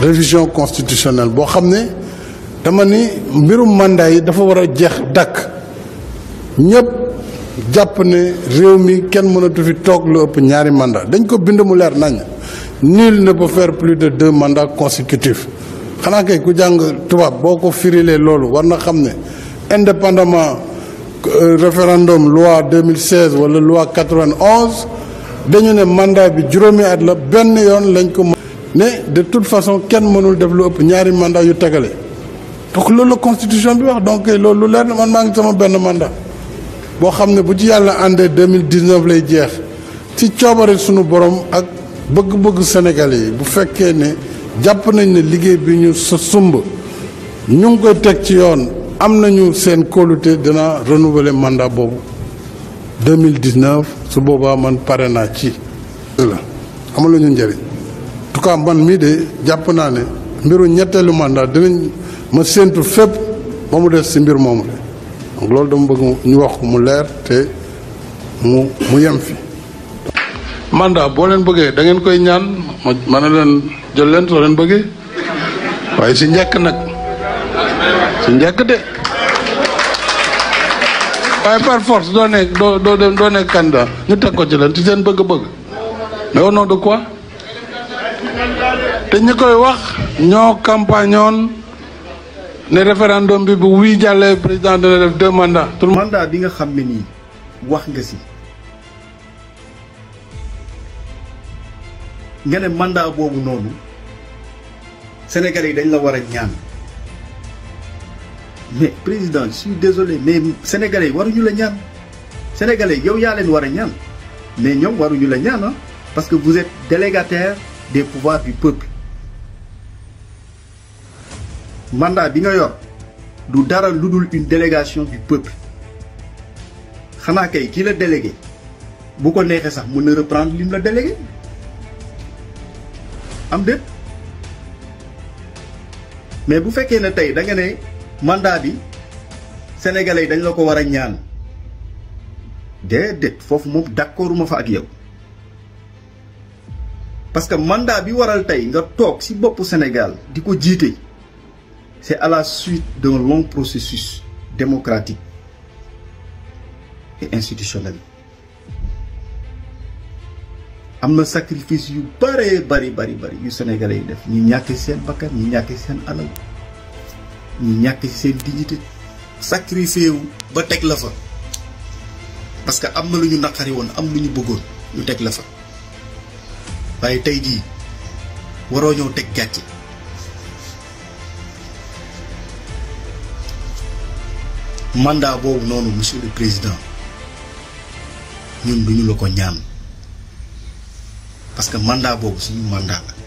révision constitutionnelle boo xam ne dama ni mbirum mandat yi dafa war a jeex dàkk ñëpp jàpp ne réew mi kenn mënatu fi toog lu ëpp ñaari mandat dañ ko bind mu leer nañ nul ne peut faire plus de deux mandats consécutifs xanaa kay ku jàng tubaab boo ko firilee loolu war na xam ne indépendamment euh, référendum loi 2016 wala loi 91 dañu ne mandat bi juróomi at la benn yoon lañ ko. ne de tout façon kenn mënul def lu ëpp ñaari mandat yu tegale donc loolu la constitution bi wax donc loolu lu leer na man maa ngi sama benn mandat boo xam ne bu ci yàlla àndee 2019 lay jeex ci coobare sunu borom ak bëgg-bëgg Sénégalais yi bu fekkee ne jàpp nañ ne liggéey bi ñu sa sumb ñu ngi koy teg ci yoon am nañu seen kóolute dina renouveler mandat boobu 2019 su boobaa man pare naa ci la amaluñu njëriñ tout cas mii de jàpp naa ne mbiru ñetteelu mandat dinañ ma séentu fépp ba mu des si mbir moomu de loolu dama bëgg ñu wax mu leer te mu mu yem fi. mandat boo leen bëggee da ngeen koy ñaan ma ma ne leen jël leen soo leen bëggee waaye si njëkk nag si njëkk de waaye par force doo nekk doo doo doo nekk candidat ñu teg ko ci seen bëgg-bëgg mais au nom de te ñu koy wax ñoo campagnoon ne référendum bi bu wuy jàllee président dina def deux mandats. mandat bi nga xam ne nii wax nga si nga ne mandat boobu noonu Sénégalais yi dañ la war a ñaan mais président je désolé mais Sénégalais yi waruñu la ñaan Sénégalais yow yaa leen war a ñaan mais ñoom waruñu la ñaan parce que vous êtes délégataire des pouvoirs du peuple mandat bi nga yor du dara lu dul une délégation du peuple xanaa kay ki la délégué bu ko neexee sax mu ne reprendre lim la délégué am déet mais bu fekkee ne tey da nga ne mandat bi sénégalais yi dañ la ko war a ñaan déedéet foofu moom d'accorduma fa ak yow parce que mandat bi waral tey nga toog ci boppu Sénégal di ko jiite. c'est à la suite d'un long processus démocratique et institutionnel am na sacrifice yu bëree bëri bëri bëri yu sénégalais yi def ñu ñàkk seen bakkan ñu ñàkk seen alal ñu ñàkk seen dignité sacrifié wu ba teg la fa parce que am na lu ñu naqari woon am lu ñu bëggoon ñu teg la fa waaye tey jii waroo ñëw teg gàcce mandat boobu noonu monsieur le président ñun duñu la ko ñaan parce que mandat boobu suñu mandat la